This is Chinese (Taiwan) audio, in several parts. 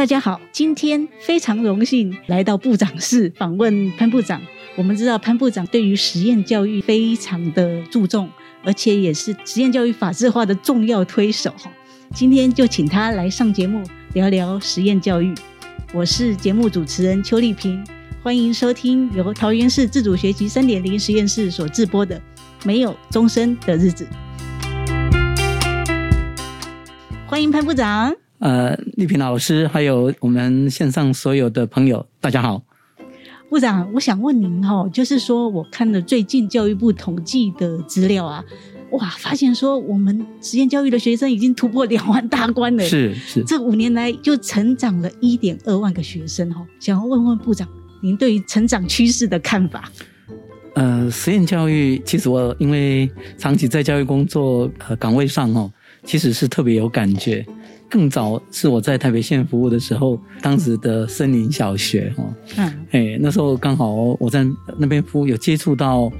大家好，今天非常榮幸來到部長室訪問潘部長。我們知道潘部長對於實驗教育非常的注重，而且也是實驗教育法制化的重要推手。今天就請他來上節目聊聊實驗教育。我是節目主持人邱儷萍，歡迎收聽由桃園市自主學習三點零實驗室所制播的《沒有鐘聲的日子》。歡迎潘部長。呃，麗萍老師，還有我們線上所有的朋友，大家好。部長，我想問您哦，就是說，我看了最近教育部統計的資料啊，哇，發現說我們實驗教育的學生已經突破兩萬大關了，是、是，這五年來就成長了一點二萬個學生哈。想要問問部長，您對於成長趨勢的看法。呃，實驗教育，其實我因為長期在教育工作，呃，崗位上哦。其實是特別有感覺。更早是我在台北縣服務的時候，當時的森林小學哦，嗯，哎，那時候剛好我在那邊服務，有接觸到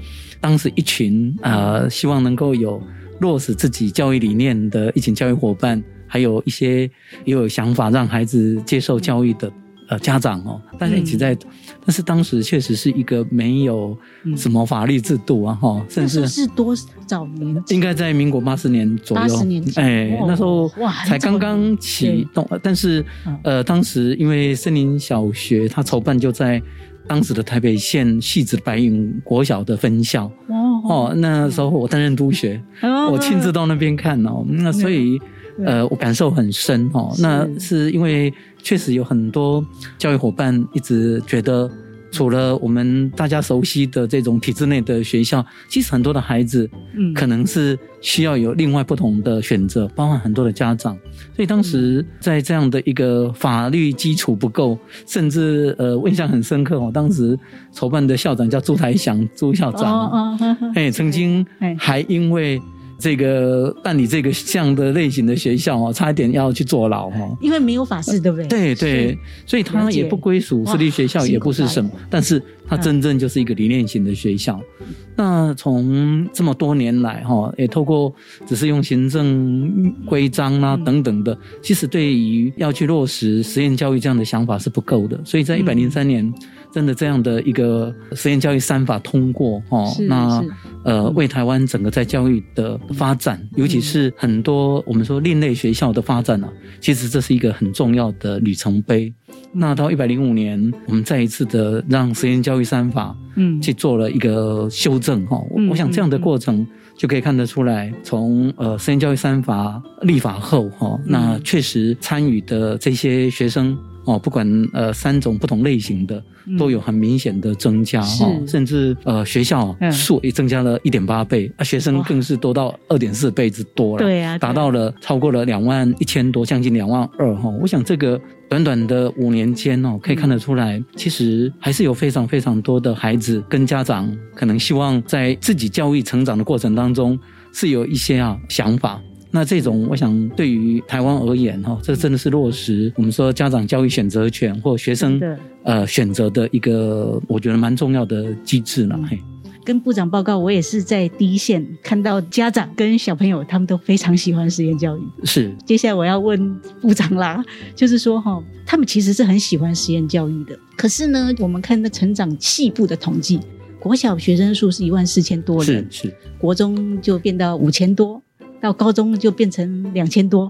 當時一群啊、呃，希望能夠有落實自己教育理念的一群教育夥伴，還有一些也有想法讓孩子接受教育的。呃，家長哦，大家一起在、嗯，但是當時確實是一個沒有什麼法律制度啊，哈、嗯，甚至是多少年？應該在民國八十年左右。八十年，哎，那時候才剛剛啟動。但是、嗯，呃，當時因為森林小學它籌辦就在當時的台北縣汐止白雲國小的分校。哦哦，那時候我擔任督學，哦、我親自到那邊看哦，哦那所以。呃，我感受很深哦。那是因為確實有很多教育夥伴一直覺得，除了我們大家熟悉的這種體制內的學校，其實很多的孩子，可能是需要有另外不同的選擇、嗯，包含很多的家長。所以當時在這樣的一個法律基礎不夠，嗯、甚至呃，我印象很深刻哦。當時籌辦的校長叫朱台祥 朱校長、啊， 曾經還因為。這個辦理這個這樣的類型的學校哦，差一點要去坐牢哈、哦，因為沒有法制，對不對？對對，所以它也不歸屬私立學校，也不是什麼，但是它真正就是一個理念型的學校。嗯、那從這麼多年來哈，也透過只是用行政規章啊等等的、嗯，其實對於要去落實實驗教育這樣的想法是不夠的，所以在一百零三年。嗯真的這樣的一個實驗教育三法通過哦，那呃，為台灣整個在教育的發展、嗯，尤其是很多我們說另類學校的發展呢、啊，其實這是一個很重要的里程碑。那到一百零五年，我們再一次的讓實驗教育三法嗯去做了一個修正哈、嗯，我想這樣的過程就可以看得出來，嗯、從呃實驗教育三法立法後哈、嗯，那確實參與的這些學生。哦，不管呃三種不同類型的都有很明顯的增加哦、嗯，甚至呃學校、啊嗯、數也增加了一點八倍，啊學生更是多到二點四倍之多了，對呀、啊，達到了超過了兩萬一千多，將近兩萬二哈、哦。我想這個短短的五年間哦，可以看得出來，嗯、其實還是有非常非常多的孩子跟家長可能希望在自己教育成長的過程當中是有一些啊想法。那這種，我想對於台灣而言，哈，這真的是落實我們說家長教育選擇權或學生呃選擇的一個，我覺得蠻重要的機制呢。嘿，跟部長報告，我也是在第一線看到家長跟小朋友，他們都非常喜歡實驗教育，嗯。是，接下來我要問部長啦，就是說哈，他們其實是很喜歡實驗教育的，可是呢，我們看那成長細部的統計，國小學生數是一萬四千多人，是是，國中就變到五千多。到高中就變成兩千多，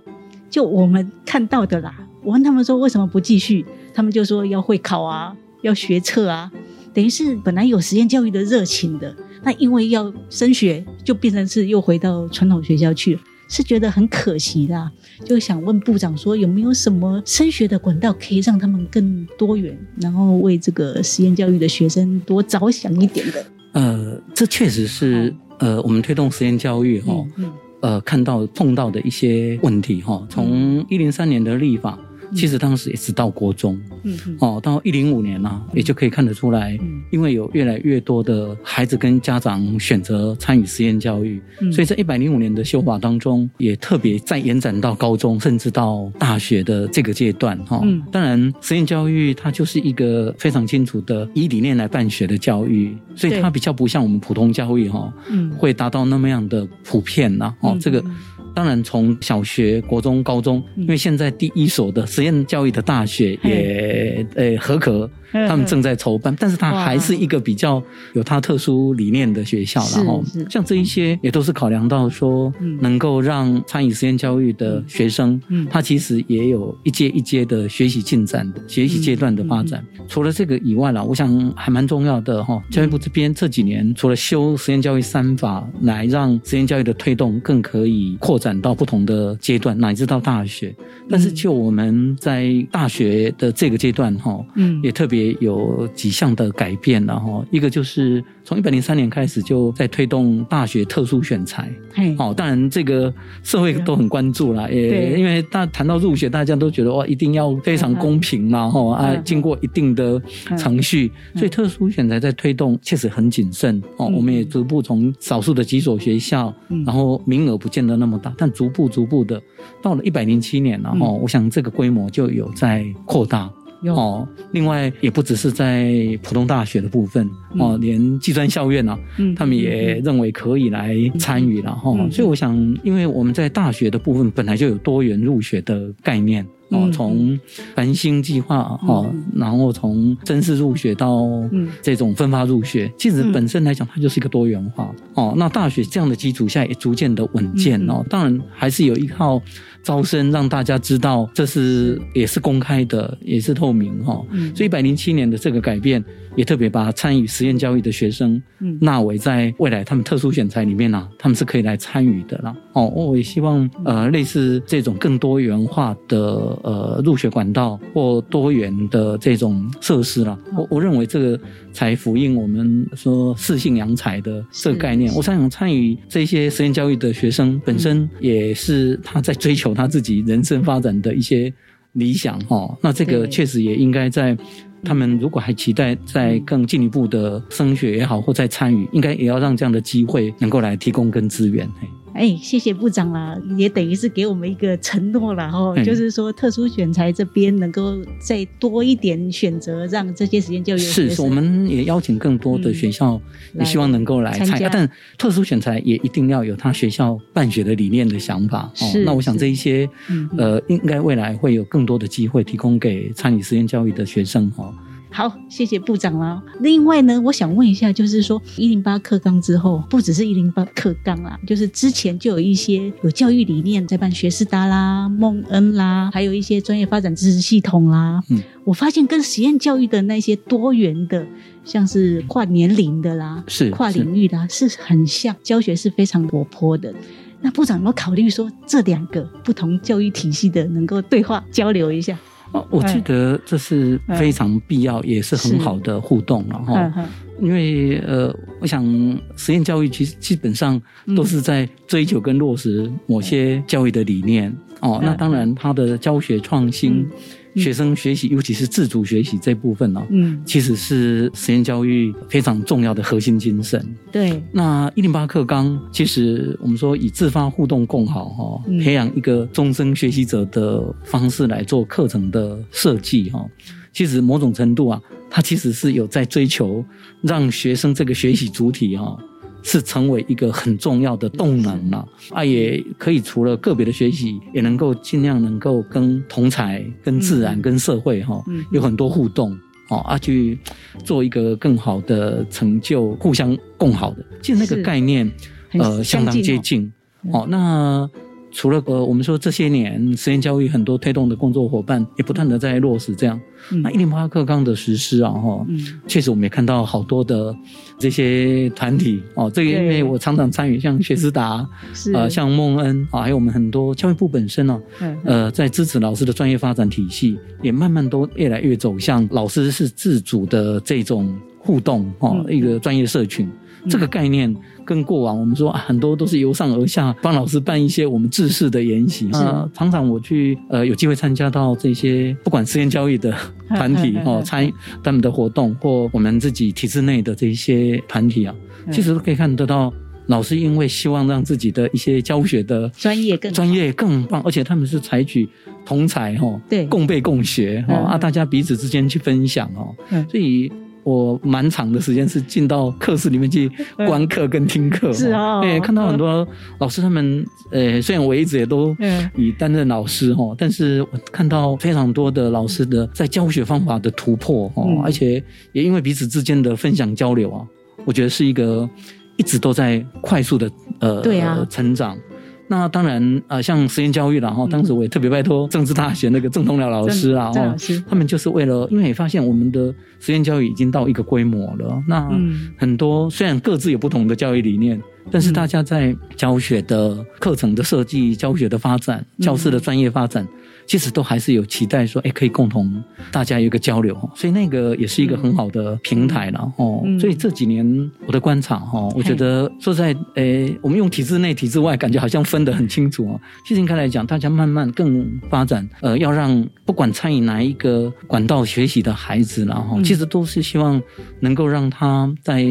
就我們看到的啦。我問他們說為什麼不繼續？他們就說要會考啊，要學測啊，等於是本來有實驗教育的熱情的，那因為要升學，就變成是又回到傳統學校去了，是覺得很可惜啦、啊。就想問部長說有沒有什麼升學的管道，可以讓他們更多元，然後為這個實驗教育的學生多着想一點的？呃，這確實是、哦、呃，我們推動實驗教育哈、哦。嗯嗯呃，看到碰到的一些問題哈，從103年的立法。其實當時一直到國中，嗯，嗯哦，到一零五年呢、啊嗯，也就可以看得出來、嗯，因為有越來越多的孩子跟家長選擇參與實驗教育，嗯、所以在一百零五年的修法當中、嗯，也特別再延展到高中，甚至到大學的這個階段，哈、哦嗯，當然實驗教育它就是一個非常清楚的以理念來辦學的教育，所以它比較不像我們普通教育，哈、哦，嗯，會達到那麼樣的普遍呢、啊，哦、嗯，這個。當然，從小學、國中、高中，因為現在第一所的實驗教育的大學也呃、哎、合格，他們正在籌辦，嘿嘿但是它還是一個比較有它特殊理念的學校，然後像這一些也都是考量到說，能夠讓參與實驗教育的學生、嗯，他其實也有一階一階的學習進展的、嗯、學習階段的發展。除了這個以外啦，我想還蠻重要的哈，教育部這邊、嗯、這幾年除了修實驗教育三法，來讓實驗教育的推動更可以擴展。展到不同的階段，乃至到大學，但是就我們在大學的這個階段，哈，嗯，也特別有幾項的改變了，然、嗯、後一個就是從一百零三年開始就在推動大學特殊選才，哦，當然這個社會都很關注啦，也、欸、因為大談到入學，大家都覺得哇，一定要非常公平啦哈、啊啊，啊，經過一定的程序，啊啊、所以特殊選才在推動確實很謹慎、嗯，哦，我們也逐步從少數的幾所學校、嗯，然後名額不見得那麼大。但逐步逐步的，到了一百零七年、啊，了、嗯、後我想這個規模就有在擴大、嗯、哦。另外，也不只是在普通大學的部分哦、嗯，連技專校院啊、嗯，他們也認為可以來參與了哈、嗯嗯。所以，我想，因為我們在大學的部分本來就有多元入學的概念。哦，從繁星計劃哦、嗯，然後從正式入學到這種分發入學，嗯、其實本身來講，它就是一個多元化、嗯、哦。那大學這樣的基礎下，也逐漸的穩健、嗯、哦。當然，還是有依靠。招生讓大家知道，這是也是公開的，也是透明哈、哦。所以一百零七年的這個改變，也特別把參與實驗教育的學生納為在未來他們特殊選才裡面呢、啊，他們是可以來參與的啦。哦，我也希望呃，類似這種更多元化的呃入學管道或多元的這種設施啦。我我認為這個才呼應我們說適性揚才的這個概念。我想參與這些實驗教育的學生本身也是他在追求，有他自己人生發展的一些理想哦，那這個確實也應該在他們如果還期待在更進一步的升學也好，或在參與，應該也要讓這樣的機會能夠來提供跟資源。哎，謝謝部長啦，也等於是給我們一個承諾啦。哦、嗯，就是說特殊選才這邊能夠再多一點選擇，讓這些實驗教育是，是，是我們也邀請更多的學校也希望能夠來、嗯、來參加、啊，但特殊選才也一定要有他學校辦學的理念的想法。是是哦，那我想這一些是是呃，應該未來會有更多的機會提供給參與實驗教育的學生哦。好，謝謝部長啦。另外呢，我想問一下，就是說一零八課綱之後，不只是一零八課綱啦，就是之前就有一些有教育理念在辦學士達啦、夢恩啦，還有一些專業發展支持系統啦。嗯，我發現跟實驗教育的那些多元的，像是跨年齡的啦，是跨領域的啦是，是很像教學是非常活潑的。那部長有沒有考慮說，這兩個不同教育體系的能夠對話交流一下？我覺得這是非常必要，嗯、也是很好的互動了哈。因為呃，我想實驗教育其實基本上都是在追求跟落實某些教育的理念、嗯、哦。那當然，他的教學創新、嗯。嗯、學生學習，尤其是自主學習這部分呢、啊，嗯，其實是實驗教育非常重要的核心精神。對，那一零八課綱其實我們說以自發互動共好哈、啊嗯，培養一個終身學習者的方式來做課程的設計哈，其實某種程度啊，它其實是有在追求讓學生這個學習主體哈、啊。嗯是成為一個很重要的動能了啊，啊也可以除了個別的學習、嗯，也能夠盡量能夠跟同儕、跟自然、嗯、跟社會哈、哦嗯，有很多互動哦啊，去做一個更好的成就，互相共好的，其實那個概念、哦、呃相當接近、嗯、哦，那。除了呃，我們說這些年實驗教育很多推動的工作伙伴也不斷的在落實這樣，嗯、那一零八課綱的實施啊，哈、嗯，確實我們也看到好多的這些團體、嗯、哦，這個因為我常常參與，像學思達，啊、嗯呃，像夢 N 啊，還有我們很多教育部本身呢、啊嗯，呃，在支持老師的專業發展體系，也慢慢都越來越走向老師是自主的這種互動哦，一個專業社群。嗯嗯、這個概念跟過往我們說、啊、很多都是由上而下幫老師辦一些我們制式的研習是啊，常常我去呃有機會參加到這些不管實驗教育的團體嘿嘿嘿哦，參與他們的活動，或我們自己體制內的這一些團體啊，其實都可以看得到老師因為希望讓自己的一些教學的專業更專業更棒，而且他們是採取同儕，哦，對，共備共學哦嘿嘿嘿啊，大家彼此之間去分享哦，所以。我蠻長的時間是進到課室裡面去觀課跟聽課，是啊、哦，對，看到很多老師他們，呃、哎，雖然我一直也都以擔任老師哦、嗯，但是我看到非常多的老師的在教學方法的突破哦、嗯，而且也因為彼此之間的分享交流啊，我覺得是一個一直都在快速的呃，對、啊、呃成長。那當然啊、呃，像實驗教育啦，然、嗯、後當時我也特別拜托政治大學那個鄭同僚老師啊，哦，他們就是為了，因為也發現我們的實驗教育已經到一個規模了，那很多、嗯、雖然各自有不同的教育理念，但是大家在教學的、嗯、課程的設計、教學的發展、嗯、教師的專業發展。其實都還是有期待說，說誒可以共同大家有一個交流，所以那個也是一個很好的平台、嗯、然哦。所以這幾年我的觀察哈，我覺得坐在誒，我們用體制內、體制外，感覺好像分得很清楚啊。其實應該來講，大家慢慢更發展，呃，要讓不管參與哪一個管道學習的孩子，然後其實都是希望能夠讓他在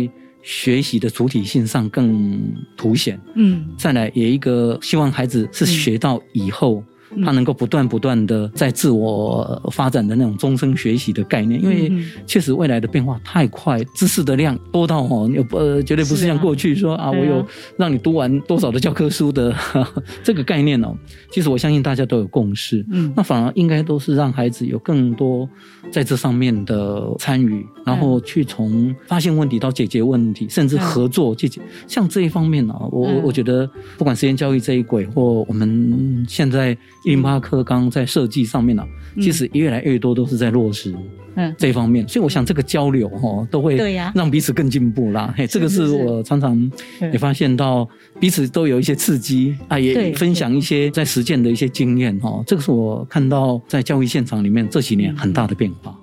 學習的主體性上更凸顯。嗯，再來有一個希望，孩子是學到以後。嗯他能夠不斷不斷的在自我發展的那種終身學習的概念，因為確實未來的變化太快，知識的量多到哦，不、呃、絕對不是像過去說啊,啊，我有讓你讀完多少的教科書的、啊、 這個概念哦。其實我相信大家都有共識，嗯、那反而應該都是讓孩子有更多在這上面的參與、嗯，然後去從發現問題到解決問題，甚至合作去解。嗯、像這一方面呢、哦，我、嗯、我覺得不管實驗教育這一軌或我們現在。108課綱在設計上面呢，其實越來越多都是在落實嗯這一方面，所以我想這個交流哈都會讓彼此更進步啦。嘿，這個是我常常也發現到彼此都有一些刺激啊，也分享一些在實踐的一些經驗哈。這個是我看到在教育現場裡面這幾年很大的變化。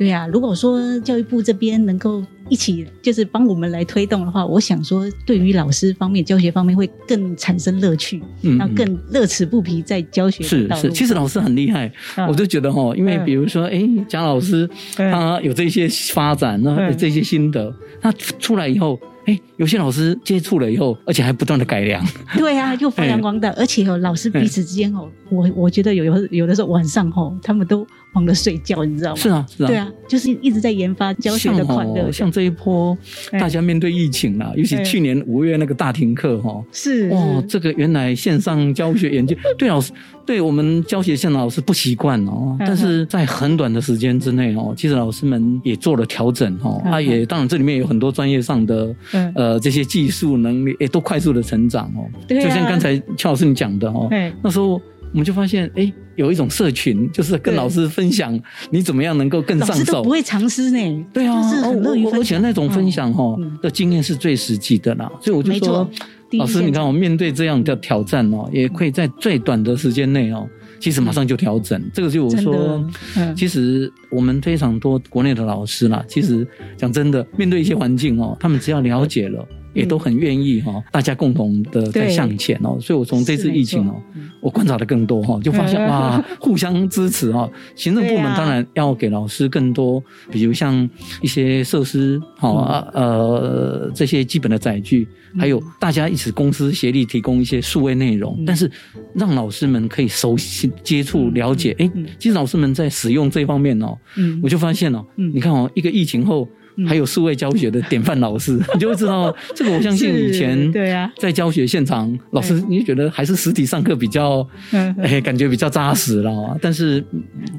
對呀、啊，如果說教育部這邊能夠一起，就是幫我們來推動的話，我想說，對於老師方面、教學方面會更產生樂趣，讓、嗯、更樂此不疲在教學。是是，其實老師很厲害，啊、我就覺得哈、哦，因為比如說，啊、哎，賈老師、嗯、他有這些發展呢，嗯、有這些心得、嗯，他出來以後，哎。有些老師接觸了以後，而且還不斷的改良。對啊，又發揚光大、欸，而且哦，老師彼此之間哦、欸，我我覺得有有有的時候晚上哦，他們都忙着睡覺，你知道嗎？是啊，是啊，對啊，就是一直在研發教學的快樂、哦。像這一波，大家面對疫情啦，欸、尤其去年五月那個大停課哈，欸、哦是,是哦，這個原來線上教學研究是是對老師， 對我們教學線的老師不習慣哦， 但是在很短的時間之內哦，其實老師們也做了調整哦， 啊也，當然這裡面有很多專業上的，欸、呃。呃，這些技術能力也、欸、都快速的成長哦、喔。對、啊，就像剛才邱老師你講的哦、喔。那時候我們就發現，哎、欸，有一種社群，就是跟老師分享，你怎麼樣能夠更上手？不會藏私呢？對啊、就是很樂於分享，哦我，而且那種分享哈、喔嗯、的經驗是最實際的啦。所以我就說，老師，你看我、喔、面對這樣的挑戰哦、喔，也可以在最短的時間內哦。其實馬上就調整、嗯，這個就我說、嗯，其實我們非常多國內的老師啦。嗯、其實講真的，面對一些環境哦、喔嗯，他們只要了解了。嗯也都很願意哈、哦嗯，大家共同的在向前哦，所以我從這次疫情哦，我觀察的更多哈、哦，就發現、嗯、哇、嗯，互相支持哦、嗯，行政部門當然要給老師更多，啊、比如像一些設施，好、哦嗯、呃這些基本的載具、嗯，還有大家一起公私協力提供一些數位內容、嗯，但是讓老師們可以熟悉接觸了解，誒、嗯欸嗯，其實老師們在使用這方面哦、嗯，我就發現哦、嗯，你看哦，一個疫情後。還有數位教學的典範老師， 你就會知道這個。我相信以前對啊，在教學現場，啊、老師你就覺得還是實體上課比較，哎、欸，感覺比較扎實了。但是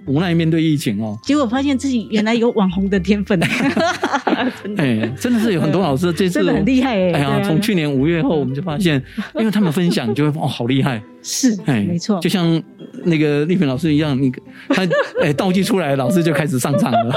無奈面對疫情哦、嗯喔，結果發現自己原來有網紅的天分。真 的、欸，真的是有很多老師這次很厲害哎、欸、呀！從、欸啊啊、去年五月後，我們就發現、啊，因為他們分享，就會 哦，好厲害。是，哎，沒錯，就像那個麗萍老師一樣，你 他哎，道具出來，老師就開始上場了，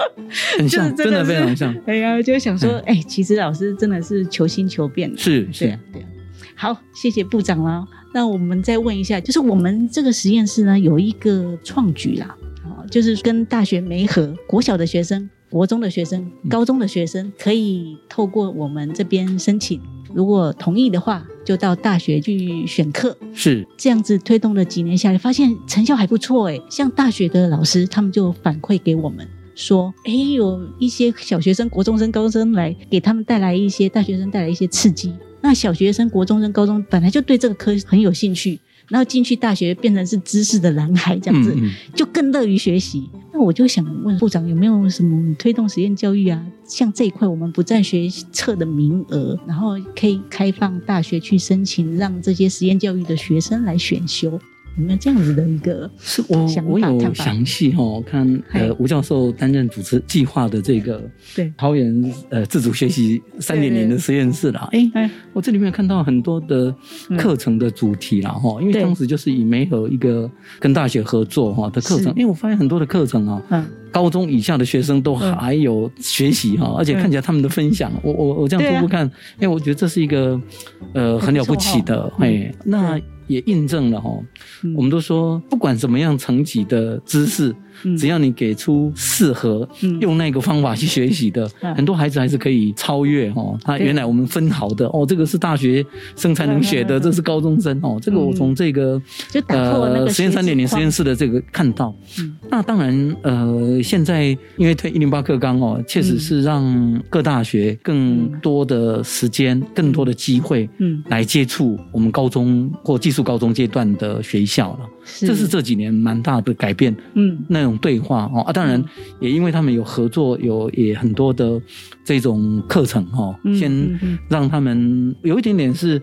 很像，就是真，真的非常像。哎呀，就想說，哎，哎其實老師真的是求新求變，是，是。對，是對，好，謝謝部長啦。那我們再問一下，就是我們這個實驗室呢，有一個創舉啦，哦，就是跟大學媒合國小的學生、國中的學生、高中的學生，可以透過我們這邊申請，如果同意的話。就到大學去選課，是，這樣子推動了幾年下來，發現成效還不錯誒、欸、像大學的老師，他們就反饋給我們說，誒、欸、有一些小學生、國中生、高中生來，給他們帶來一些大學生帶來一些刺激。那小學生、國中生、高中本來就對這個科很有興趣。然後進去大學變成是知識的男孩這樣子，嗯嗯，就更樂於學習。那我就想問部長，有沒有什麼推動實驗教育啊？像這一塊，我們不佔學測的名額，然後可以開放大學去申請，讓這些實驗教育的學生來選修。你們這樣子的一個想法看法是，我我有詳細哈看，呃吳教授擔任主持計劃的這個對桃園呃自主學習三點零的實驗室啦哎、欸欸、我這裡面看到很多的課程的主題了哈、嗯、因為當時就是以沒有一個跟大學合作哈的課程因為、欸、我發現很多的課程啊、喔、嗯高中以下的學生都還有學習哈，而且看起來他們的分享，我我我這樣初步看哎、啊欸、我覺得這是一個呃很了不起的哎、哦欸嗯嗯、那。也印證了哈、哦嗯，我們都說不管怎麼樣層級的知識。只要你給出適合、嗯、用那個方法去學習的、嗯，很多孩子還是可以超越、嗯、哦。他原來我們分好的哦，這個是大學生才能學的，這是高中生哦、嗯。這個我從這個，個呃實驗三點零實驗室的這個看到。嗯、那當然呃，現在因為推一零八課綱哦，確實是讓各大學更多的時間、嗯、更多的機會嗯，來接觸我們高中或技術高中階段的學校了。是，這是這幾年蠻大的改變。嗯，那。這種對話哦啊，當然也因為他們有合作，有也很多的這種課程哈，先讓他們有一點點是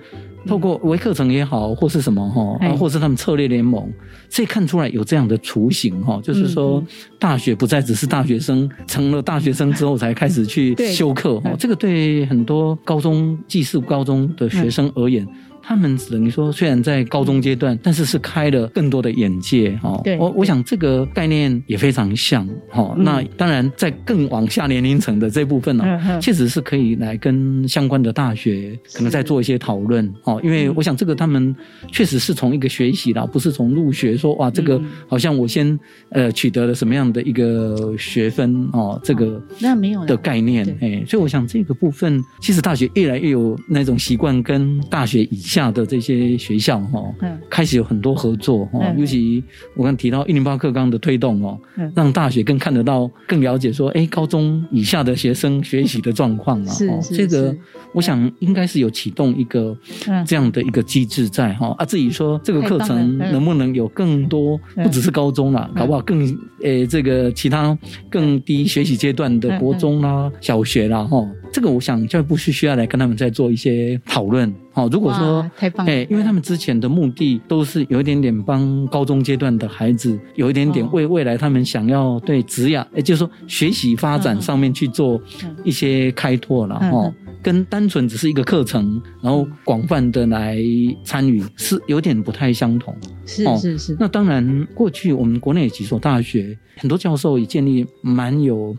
透過微課程也好，或是什麼哈，啊、或是他們策略聯盟，所以看出來有這樣的雛形哈，就是說大學不再只是大學生成了大學生之後才開始去修課哈，這個對很多高中、技術高中的學生而言。他們只能說雖然在高中階段，嗯、但是是開了更多的眼界哦。對，哦、我我想這個概念也非常像哦、嗯。那當然，在更往下年齡層的這部分呢、嗯，確實是可以來跟相關的大學可能再做一些討論哦。因為我想這個他們確實是從一個學習啦，不是從入學說哇，這個好像我先呃取得了什麼樣的一個學分哦，這個、哦、那沒有的概念哎。所以我想這個部分，其實大學越來越有那種習慣跟大學以前。下的這些學校哈、哦嗯，開始有很多合作哈、哦嗯嗯，尤其我剛提到一零八課綱的推動哦、嗯，讓大學更看得到、更了解說，誒、欸、高中以下的學生學習的狀況了，這個我想應該是有啟動一個這樣的一個機制在哈、嗯、啊，至於說這個課程能不能有更多，嗯嗯、不只是高中了、嗯，搞不好更誒、欸、這個其他更低學習階段的國中啦、嗯嗯嗯、小學啦哈。這個我想教育部是需要來跟他們再做一些討論哦。如果說哎、欸，因為他們之前的目的都是有一點點幫高中階段的孩子有一點點為未來他們想要對職涯，也、哦欸、就是說學習發展上面去做一些開拓了哈、嗯嗯嗯哦，跟單純只是一個課程，然後廣泛的來參與是有點不太相同。是、哦、是、是是。那當然，過去我們國內幾所大學很多教授也建立蠻有。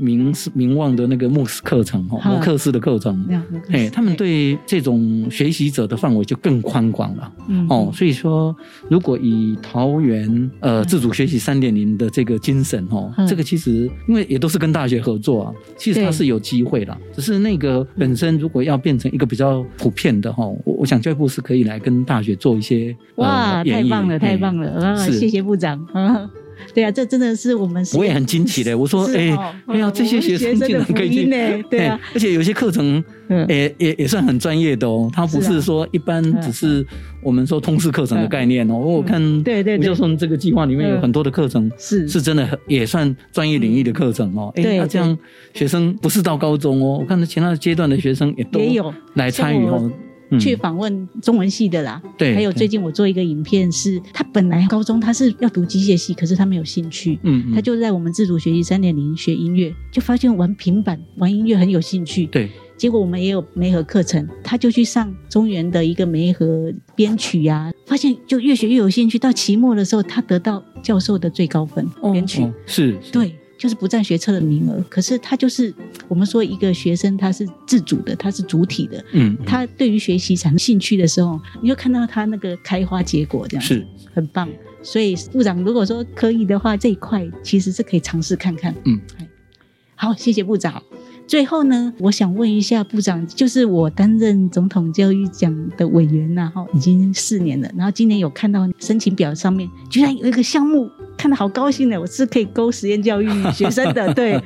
名師名望的那個慕斯課程、哦、哈，慕課式的課程，哎、嗯，他們對這種學習者的範圍就更寬廣了。嗯哦，所以說，如果以桃園呃、嗯、自主學習三點零的這個精神哦，嗯、這個其實因為也都是跟大學合作、啊，其實它是有機會啦。只是那個本身如果要變成一個比較普遍的哈、哦，我我想教育部是可以來跟大學做一些、呃、哇，太棒了，呃、太棒了、啊啊，謝謝部長啊。呵呵對啊，這真的是我們。我也很驚奇的，我說哎，對呀、哦欸嗯，這些學生竟然可以進，對、啊欸、而且有些課程，嗯欸、也也也算很專業的哦，它不是說一般只是我們說通識課程的概念哦。啊嗯、我看，嗯、對，對對，就從這個計劃裡面有很多的課程是是真的很也算專業領域的課程哦。欸、對，那、啊、這樣，這樣、嗯、學生不是到高中哦，我看其他的階段的學生也都有來參與哦。去訪問中文系的啦，對，還有最近我做一個影片，是他本來高中他是要讀機械系，可是他沒有興趣，嗯，嗯，他就在我們自主學習三點零學音樂，就發現玩平板玩音樂很有興趣，對，結果我們也有媒合課程，他就去上中原的一個媒合編曲呀、啊，發現就越學越有興趣，到期末的時候他得到教授的最高分，編曲是、哦，對。就是不佔學測的名額，可是他就是我們說一個學生，他是自主的，他是主體的，嗯，他對於學習產生興趣的時候，你就看到他那個開花結果這樣子，是，很棒。所以部長如果說可以的話，這一塊其實是可以嘗試看看，嗯，好，謝謝部長。最後呢，我想問一下部長，就是我擔任總統教育獎的委員啊，哈，已經四年了，然後今年有看到申請表上面居然有一個項目，看得好高興呢，我是可以勾實驗教育學生的， 對，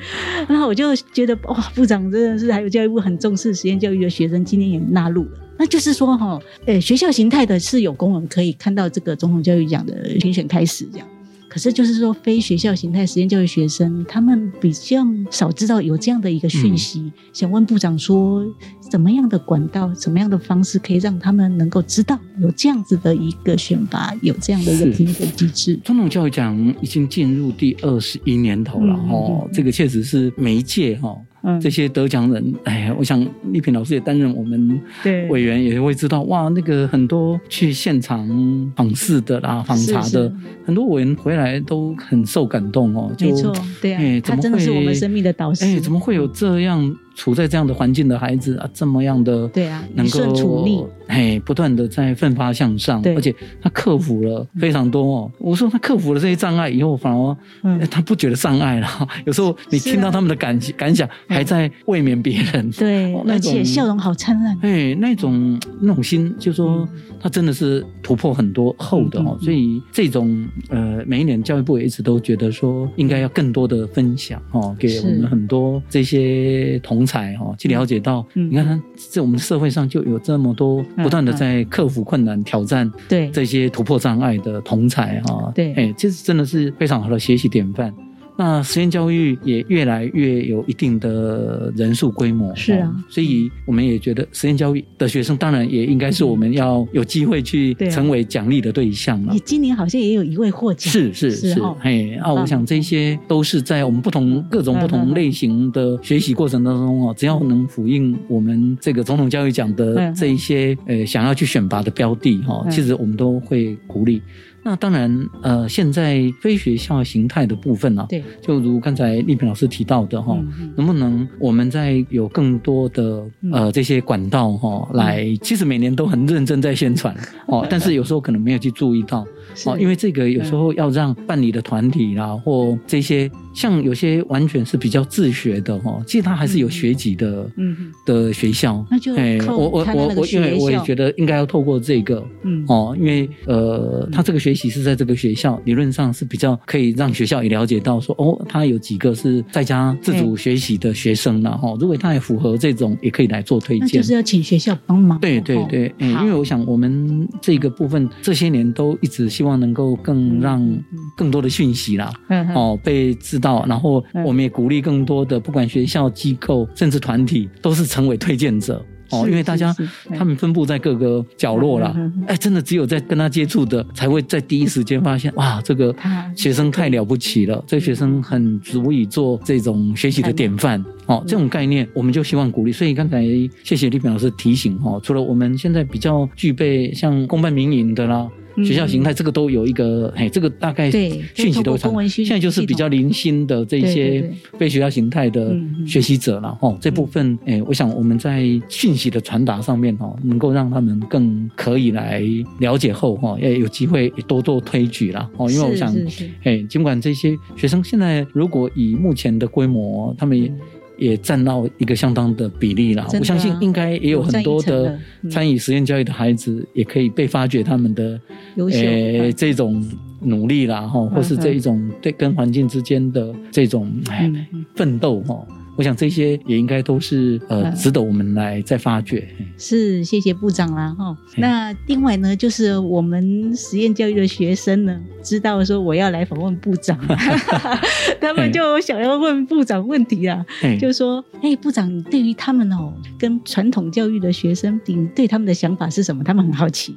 然後我就覺得哇，部長真的是還有教育部很重視實驗教育的學生，今年也納入了，那就是說哈、哦，誒、欸，學校形態的是有功能可以看到這個總統教育獎的評選開始這樣。可是，就是說，非學校形態實驗教育學生，他們比較少知道有這樣的一個訊息、嗯。想問部長說，怎麼樣的管道，怎麼樣的方式，可以讓他們能夠知道有這樣子的一個選拔，有這樣的一個評分機制？總統教育獎已經進入第二十一年頭了、嗯、哦，這個確實是媒介。哈、哦。嗯、這些得獎人，哎呀，我想麗萍老師也擔任我們委員，對，也會知道哇，那個很多去現場訪視的啦、訪查的是是，很多委員回來都很受感動哦，就沒錯，對啊、欸，他真的是我們生命的導師，哎、欸，怎麼會有這樣？嗯處在這樣的環境的孩子啊，這麼樣的對啊，能夠以順處逆，哎，不斷的在奮發向上對，而且他克服了非常多，哦。 我說他克服了這些障礙以後，反而，嗯欸，他不覺得障礙了。有時候你聽到他們的感，啊，感想，還在慰勉別人，對，哦，而且笑容好燦爛。哎，那種那種心就是，就說他真的是突破很多厚的哦，嗯嗯嗯。所以這種呃，每一年教育部也一直都覺得說，應該要更多的分享哦，給我們很多這些同。才哈，去了解到，你看在我們社會上就有這麼多不斷的在克服困難、挑戰，對這些突破障礙的同才哈，對，哎，這是真的是非常好的學習典範、嗯。嗯嗯那實驗教育也越來越有一定的人數規模，是啊、哦，所以我們也覺得實驗教育的學生當然也應該是我們要有機會去成為獎勵的對象了。啊、你今年好像也有一位獲獎，是是是，哎、哦、啊，啊，我想這些都是在我們不同各種不同類型的學習過程當中啊、嗯，只要能呼應我們這個總統教育獎的這一些、嗯、呃，呃想要去選拔的標的哈、哦嗯，其實我們都會鼓勵。那當然，呃，現在非學校形態的部分呢、啊，就如剛才麗萍老師提到的哈、哦嗯，能不能我們再有更多的呃這些管道哈、哦嗯，來，其實每年都很認真在宣傳哦， 但是有時候可能沒有去注意到 哦，因為這個有時候要讓辦理的團體啦、啊、或這些。像有些完全是比較自學的哈，其實他還是有學籍的，嗯，的學校，嗯、那就哎、欸，我我我我因為我也覺得應該要透過這個，嗯哦、喔，因為呃，他、嗯、這個學習是在這個學校，理論上是比較可以讓學校也了解到說，哦，他有幾個是在家自主學習的學生啦。哈、欸。如果他也符合這種，也可以來做推薦，就是要請學校幫忙，對對對、欸，因為我想我們這個部分這些年都一直希望能夠更讓更多的訊息啦，嗯哦、嗯嗯喔、被知。到，然後我們也鼓勵更多的，不管學校機構甚至團體，都是成為推薦者哦。因為大家他們分布在各個角落啦，哎，真的只有在跟他接觸的，才會在第一時間發現哇，這個學生太了不起了，這學生很足以做這種學習的典範哦。這種概念，我們就希望鼓勵。所以剛才謝謝儷萍老師提醒哦。除了我們現在比較具備像公辦民營的啦。學校形態，這個都有一個，哎、嗯，這個大概訊息都差不多。現在就是比較零星的這些非學校形態的學習者了，哈、嗯嗯，這部分、嗯欸，我想我們在訊息的傳達上面，嗯、能夠讓他們更可以來了解後，哈，也有機會多多推舉了，因為我想，哎、欸，儘管這些學生現在如果以目前的規模、嗯，他們。也佔到一個相當的比例啦，啊、我相信應該也有很多的參與實驗教育的孩子，也可以被發掘他們的，誒、嗯欸，這種努力啦，哈、嗯，或是這一種對跟環境之間的這種誒、奮鬥哈。嗯我想這些也應該都是呃，值得我們來再發掘。是，謝謝部長啦哈。那另外呢，就是我們實驗教育的學生呢，知道說我要來訪問部長， 他們就想要問部長問題啊，就說：“哎，部長，你對於他們哦、喔，跟傳統教育的學生比，你對他們的想法是什麼？”他們很好奇。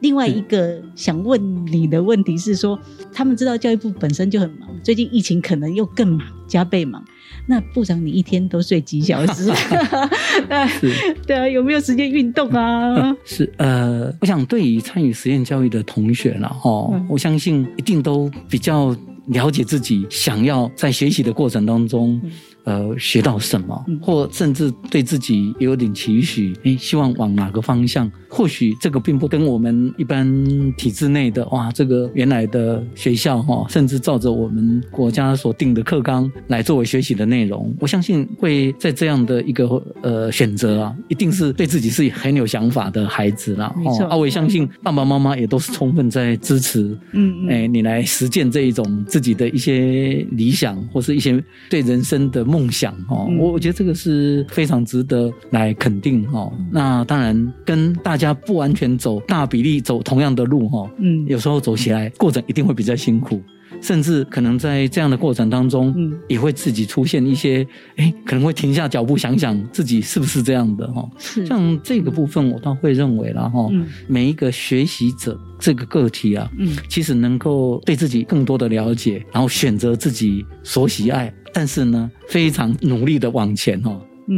另外一個想問你的問題是說是，他們知道教育部本身就很忙，最近疫情可能又更忙，加倍忙。那部長，你一天都睡幾小時？對 是， 對啊，有沒有時間運動啊？是呃，我想對於參與實驗教育的同學啦、嗯，我相信一定都比較了解自己想要在學習的過程當中。嗯呃，學到什麼，或甚至對自己也有點期許，哎，希望往哪個方向？或許這個並不跟我們一般體制內的哇，這個原來的學校哈，甚至照着我們國家所定的課綱來作為學習的內容。我相信會在這樣的一個呃選擇啊，一定是對自己是很有想法的孩子啦。哦，沒錯、啊，我相信爸爸媽媽也都是充分在支持，嗯哎，你來實踐這一種自己的一些理想，或是一些對人生的夢。夢想哦，我我覺得這個是非常值得來肯定哦。那當然跟大家不完全走大比例走同樣的路哈，嗯，有時候走起來過程一定會比較辛苦。甚至可能在這樣的過程當中，嗯，也會自己出現一些、嗯誒，可能會停下腳步想想自己是不是這樣的哈。是像這個部分，我倒會認為，然、嗯、後每一個學習者這個個體啊，嗯，其實能夠對自己更多的了解，然後選擇自己所喜愛，但是呢，非常努力的往前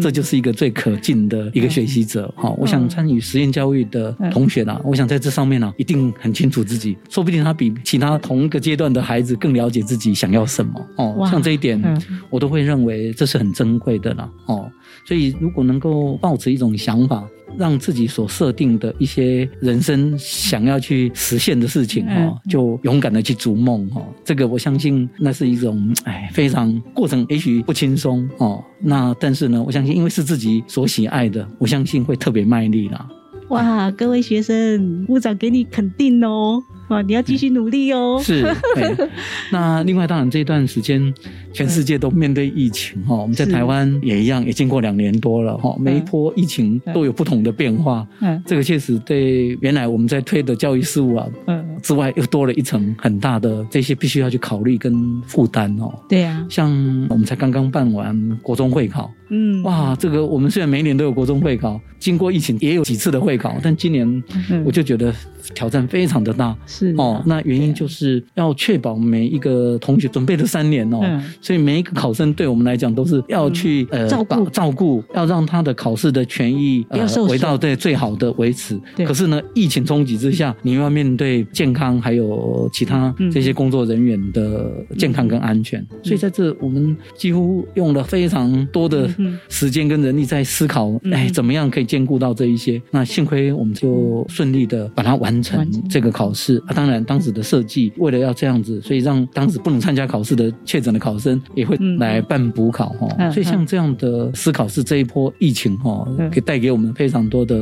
這就是一個最可敬的一個學習者哈、嗯哦！我想參與實驗教育的同學呢、啊嗯，我想在這上面呢、啊，一定很清楚自己，說不定他比其他同一個階段的孩子更了解自己想要什麼哦。像這一點、嗯，我都會認為這是很珍貴的了哦。所以，如果能夠抱持一種想法，讓自己所設定的一些人生想要去實現的事情、嗯、就勇敢的去逐夢哈。這個我相信，那是一種唉非常過程也許不輕鬆哦。那但是呢，我相信，因為是自己所喜愛的，我相信會特別賣力啦。哇，各位學生，部長給你肯定哦。你要繼續努力哦。是。對 那另外，當然這一段時間，全世界都面對疫情哈、哦，我們在台灣也一樣，也經過兩年多了哈，每一波疫情都有不同的變化。嗯。這個確實對原來我們在推的教育事務啊，嗯，之外又多了一層很大的這些必須要去考慮跟負擔哦。對呀、啊。像我們才剛剛辦完國中會考，嗯，哇，嗯、這個我們雖然每一年都有國中會考，經過疫情也有幾次的會考，但今年我就覺得、嗯。挑戰非常的大，是、啊、哦，那原因就是要確保每一個同學準備了三年哦，啊、所以每一個考生對我們來講都是要去、嗯、呃照顧照顧，要讓他的考試的權益回、嗯呃、到對最好的維持對。可是呢，疫情衝擊之下，你又要面對健康，還有其他這些工作人員的健康跟安全，嗯嗯嗯嗯嗯、所以在這我們幾乎用了非常多的時間跟人力在思考、嗯嗯，哎，怎麼樣可以兼顧到這一些？嗯、那幸虧我們就順利的把它完。完成這個考試，啊，當然當時的設計、嗯、為了要這樣子，所以讓當時不能參加考試的確診的考生也會來辦補考哈、嗯嗯。所以像這樣的思考是這一波疫情哈，給、嗯、帶給我們非常多的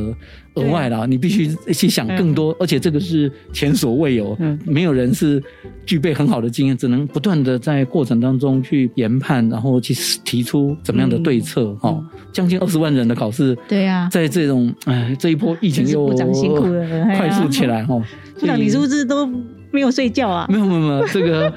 額外了、嗯。你必須去想更多、嗯，而且這個是前所未有，嗯，嗯沒有人是具備很好的經驗，只能不斷的在過程當中去研判，然後去提出怎麼樣的對策、嗯、哦。將近二十萬人的考試、嗯，對呀、啊，在這種哎這一波疫情又，辛苦 又快速。起來哈，部長，你是不是都沒有睡覺啊？ 沒有，沒有，沒有。這個，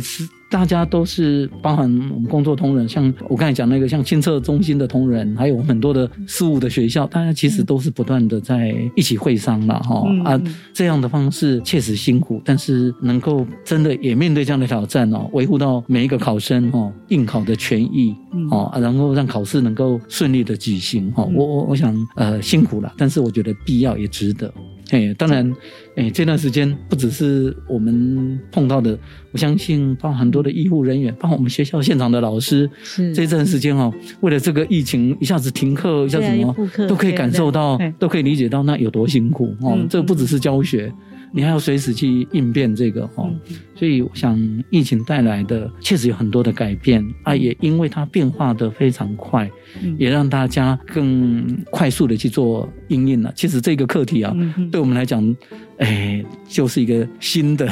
是、呃、大家都是，包含我們工作同仁，像我剛才講那個，像清測中心的同仁，還有很多的試務的學校，大家其實都是不斷的在一起會商了哈、嗯。啊，這樣的方式確實辛苦，但是能夠真的也面對這樣的挑戰哦，維護到每一個考生哦應考的權益哦，然後讓考試能夠順利的舉行哈。我我我想呃辛苦了，但是我覺得必要也值得。哎，當然，誒，這段時間不只是我們碰到的，我相信包含很多的醫護人員，包含我們學校現場的老師，是啊、這段時間哦，為了這個疫情一下子停課，一下子什麼、啊、都可以感受到，都可以理解到那有多辛苦哦。這不只是教學。嗯嗯你還要隨時去應變這個哈、嗯，所以我想疫情帶來的確實有很多的改變啊，也因為它變化得非常快、嗯，也讓大家更快速的去做因應了。其實這個課題啊、嗯，對我們來講，哎、欸，就是一個新的，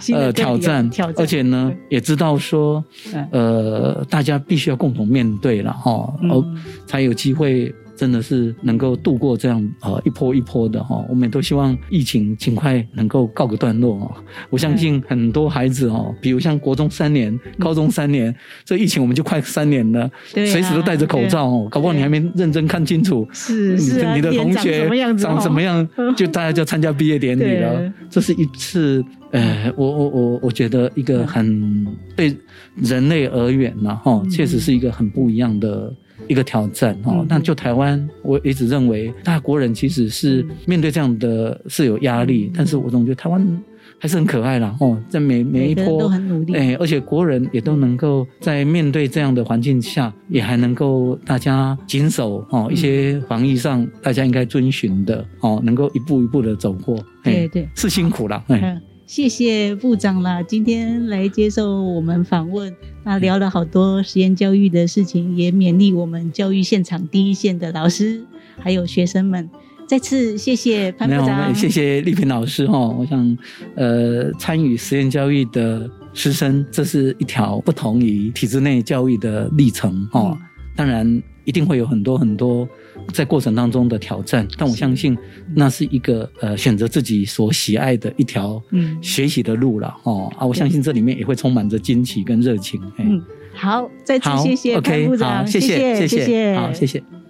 新的挑呃挑戰，而且呢，也知道說呃，大家必須要共同面對了哈、嗯，而才有機會，真的是能夠度過這樣呃一波一波的哈，我們也都希望疫情盡快能夠告個段落哈，我相信很多孩子哦，比如像國中三年、嗯、高中三年，這疫情我們就快三年了，隨、啊、時都戴着口罩哦，搞不好你還沒認真看清楚是是、啊、你的同學長什麼樣、哦、長什麼樣，就大家就要參加畢業典禮了。這是一次呃，我我我我覺得一個很對人類而言呢、啊、哈，確實是一個很不一樣的。一個挑戰哦，那就台灣，我一直認為，大國人其實是面對這樣的，是有壓力。但是我總覺得台灣還是很可愛啦哦，在每每一波都很努力，哎，而且國人也都能夠在面對這樣的環境下，也還能夠大家謹守哦，一些防疫上大家應該遵循的哦，能夠一步一步的走過。對對，是辛苦啦，嗯。謝謝部長啦，今天來接受我們訪問，那聊了好多實驗教育的事情，也勉勵我們教育現場第一線的老師還有學生們。再次謝謝潘部長，謝謝麗萍老師哈、 哦。我想，呃，參與實驗教育的師生，這是一條不同於體制內教育的歷程哦。當然。一定會有很多很多在過程當中的挑戰，但我相信那是一個呃選擇自己所喜愛的一條學習的路了、嗯、哦啊，我相信這裡面也會充滿着驚喜跟熱情。嗯，好，再次謝謝潘部長好 OK，好，謝謝謝謝,謝,謝,謝,謝,謝謝，好謝謝。